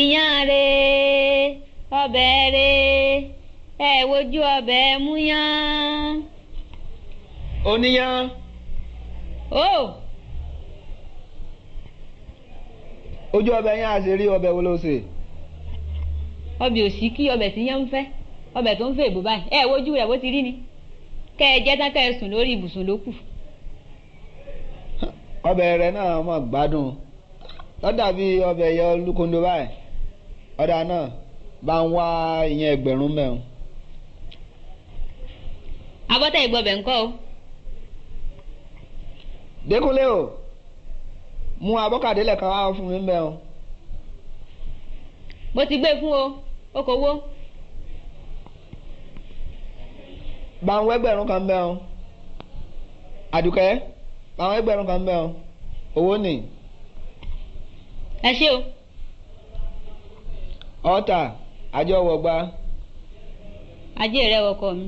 iyán re ọbẹ̀ re ẹ wojú mú múyán. oníyán. o. ojú ọbẹ̀ yẹn rí ọbẹ̀ wo ló ṣe. òsì kí ọbẹ̀ tí yẹn ń fẹ́ ọbẹ̀ tó ń fẹ́ èbó báyìí ẹ wojú rẹ̀ bó ti rí ni kẹ́ ẹ jẹ́ tán kẹ́ ẹ sùn lórí ibùsùn ló kù. ọbẹ̀ rẹ náà mọ̀ gbádùn ó dàbí ọbẹ̀ yọ olúkondo báyìí. ọ̀dà náà bá ń wá ìyẹn ẹgbẹ̀rún mẹ́rin. abọ́tẹ̀ ìgbọ̀bẹ̀ ńkọ́ o. Dékúnlé o mú abọ́kàdé lẹ̀kan wá fún mi mẹ́rin. mo ti gbé fún o okòwò. bá ń wá ẹgbẹ̀rún kan mẹ́rin. Àdùkẹ́ bá ń wá ẹgbẹ̀rún kan mẹ́rin. owó nì. ẹ ṣé o ọ̀tà àjọwọ̀gba. ajé rẹ wọkọ mi.